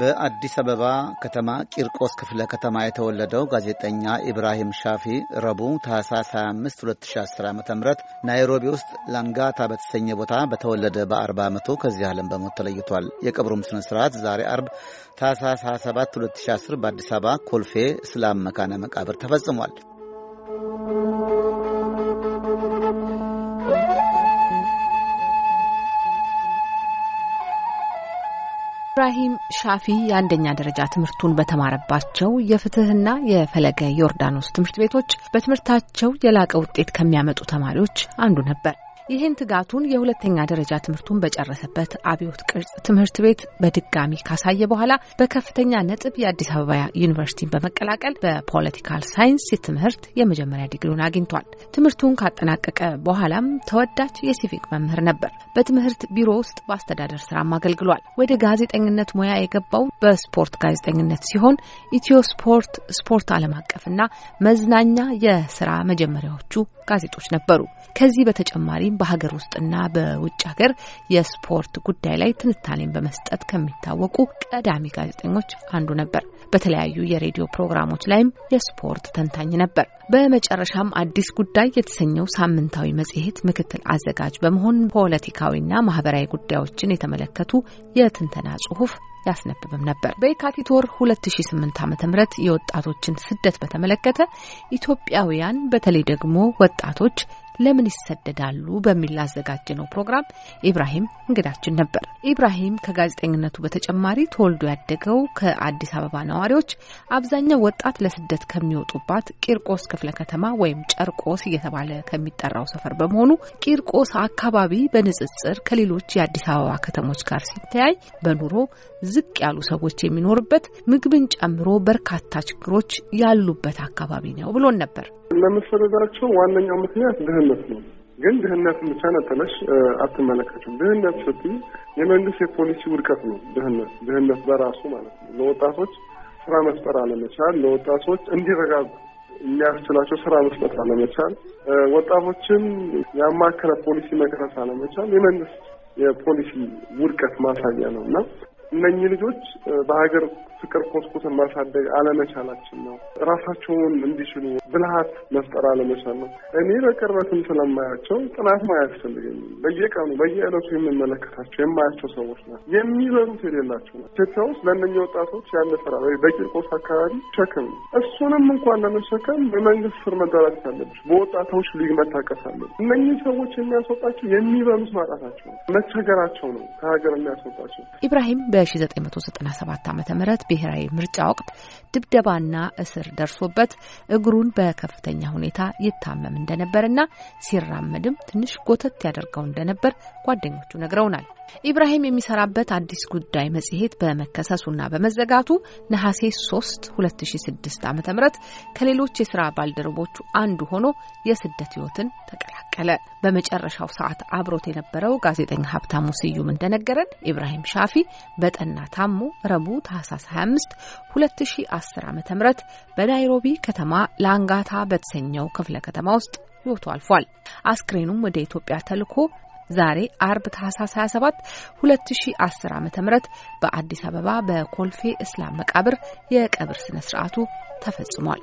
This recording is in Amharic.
በአዲስ አበባ ከተማ ቂርቆስ ክፍለ ከተማ የተወለደው ጋዜጠኛ ኢብራሂም ሻፊ ረቡዕ ታህሳስ 25 2010 ዓ ም ናይሮቢ ውስጥ ላንጋታ በተሰኘ ቦታ በተወለደ በ40 ዓመቱ ከዚህ ዓለም በሞት ተለይቷል። የቀብሩም ስነ ስርዓት ዛሬ አርብ ታህሳስ 27 2010 በአዲስ አበባ ኮልፌ እስላም መካነ መቃብር ተፈጽሟል። ኢብራሂም ሻፊ የአንደኛ ደረጃ ትምህርቱን በተማረባቸው የፍትህና የፈለገ ዮርዳኖስ ትምህርት ቤቶች በትምህርታቸው የላቀ ውጤት ከሚያመጡ ተማሪዎች አንዱ ነበር። ይህን ትጋቱን የሁለተኛ ደረጃ ትምህርቱን በጨረሰበት አብዮት ቅርጽ ትምህርት ቤት በድጋሚ ካሳየ በኋላ በከፍተኛ ነጥብ የአዲስ አበባ ዩኒቨርሲቲን በመቀላቀል በፖለቲካል ሳይንስ ትምህርት የመጀመሪያ ዲግሪውን አግኝቷል። ትምህርቱን ካጠናቀቀ በኋላም ተወዳጅ የሲቪክ መምህር ነበር። በትምህርት ቢሮ ውስጥ በአስተዳደር ስራም አገልግሏል። ወደ ጋዜጠኝነት ሙያ የገባው በስፖርት ጋዜጠኝነት ሲሆን ኢትዮ ስፖርት፣ ስፖርት ዓለም አቀፍና መዝናኛ የስራ መጀመሪያዎቹ ጋዜጦች ነበሩ። ከዚህ በተጨማሪም በሀገር ውስጥና በውጭ ሀገር የስፖርት ጉዳይ ላይ ትንታኔን በመስጠት ከሚታወቁ ቀዳሚ ጋዜጠኞች አንዱ ነበር። በተለያዩ የሬዲዮ ፕሮግራሞች ላይም የስፖርት ተንታኝ ነበር። በመጨረሻም አዲስ ጉዳይ የተሰኘው ሳምንታዊ መጽሔት ምክትል አዘጋጅ በመሆን ፖለቲካዊና ማህበራዊ ጉዳዮችን የተመለከቱ የትንተና ጽሁፍ ያስነብብም ነበር። በየካቲት ወር 2008 ም የወጣቶችን ስደት በተመለከተ ኢትዮጵያውያን በተለይ ደግሞ ወጣቶች ለምን ይሰደዳሉ በሚል ነው ፕሮግራም ኢብራሂም እንግዳችን ነበር። ኢብራሂም ከጋዜጠኝነቱ በተጨማሪ ተወልዶ ያደገው ከአዲስ አበባ ነዋሪዎች አብዛኛው ወጣት ለስደት ከሚወጡባት ቂርቆስ ክፍለ ከተማ ወይም ጨርቆስ እየተባለ ከሚጠራው ሰፈር በመሆኑ ቂርቆስ አካባቢ በንጽጽር ከሌሎች የአዲስ አበባ ከተሞች ጋር ሲተያይ በኑሮ ዝቅ ያሉ ሰዎች የሚኖርበት ምግብን ጨምሮ በርካታ ችግሮች ያሉበት አካባቢ ነው ብሎን ነበር። ለመሰደዳቸው ዋነኛው ምክንያት ድህነት ነው። ግን ድህነትን ብቻ ነጥለሽ አትመለከቱም። ድህነት ስቲ የመንግስት የፖሊሲ ውድቀት ነው። ድህነት ድህነት በራሱ ማለት ነው ለወጣቶች ስራ መፍጠር አለመቻል፣ ለወጣቶች እንዲረጋጉ የሚያስችላቸው ስራ መስጠት አለመቻል፣ ወጣቶችን ያማከለ ፖሊሲ መቅረጽ አለመቻል የመንግስት የፖሊሲ ውድቀት ማሳያ ነው እና እነኚህ ልጆች በሀገር ፍቅር ኮስኮስን ማሳደግ አለመቻላችን ነው። ራሳቸውን እንዲችሉ ብልሃት መፍጠር አለመቻል ነው። እኔ በቅርበትም ስለማያቸው ጥናት ማያስፈልገኝ በየቀኑ በየዕለቱ የምመለከታቸው የማያቸው ሰዎች ናቸው። የሚበሉት የሌላቸው ናቸው። ኢትዮጵያ ውስጥ ለእነኛ ወጣቶች ያለ ስራ በቂርቆስ አካባቢ ሸክም ነው። እሱንም እንኳን ለመሸከም በመንግስት ስር መደራጀት አለብሽ። በወጣቶች ሊግ መታቀስ አለብሽ። እነኚህ ሰዎች የሚያስወጣቸው የሚበሉት ማጣታቸው ነው፣ መቸገራቸው ነው ከሀገር የሚያስወጣቸው። ኢብራሂም በ በ1997 ዓ ም ብሔራዊ ምርጫ ወቅት ድብደባና እስር ደርሶበት እግሩን በከፍተኛ ሁኔታ ይታመም እንደነበርና ሲራመድም ትንሽ ጎተት ያደርገው እንደነበር ጓደኞቹ ነግረውናል። ኢብራሂም የሚሰራበት አዲስ ጉዳይ መጽሔት በመከሰሱና በመዘጋቱ ነሐሴ 3 2006 ዓ ም ከሌሎች የስራ ባልደረቦቹ አንዱ ሆኖ የስደት ህይወትን ተቀላቀለ። በመጨረሻው ሰዓት አብሮት የነበረው ጋዜጠኛ ሀብታሙ ስዩም እንደነገረን ኢብራሂም ሻፊ በ በጠና ታሞ ረቡ ታህሳስ 25 2010 ዓ ም በናይሮቢ ከተማ ላንጋታ በተሰኘው ክፍለ ከተማ ውስጥ ህይወቱ አልፏል። አስክሬኑም ወደ ኢትዮጵያ ተልኮ ዛሬ አርብ ታህሳስ 27 2010 ዓ ም በአዲስ አበባ በኮልፌ እስላም መቃብር የቀብር ስነ ስርዓቱ ተፈጽሟል።